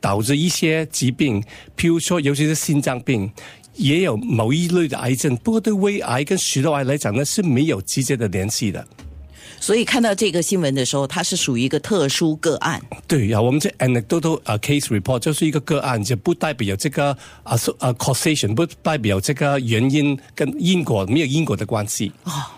導致一些疾病，譬如說，尤其是心臟病，也有某一類的癌症。不過對胃癌跟食道癌來講呢，是沒有直接的聯繫的。所以看到這個新聞的時候，它是屬於一個特殊個案。對啊，我們這 anecdotal、呃、case report 就是一個個案，就不代表這個、呃、啊啊 causation，不代表這個原因跟因果，沒有因果的關係啊。哦。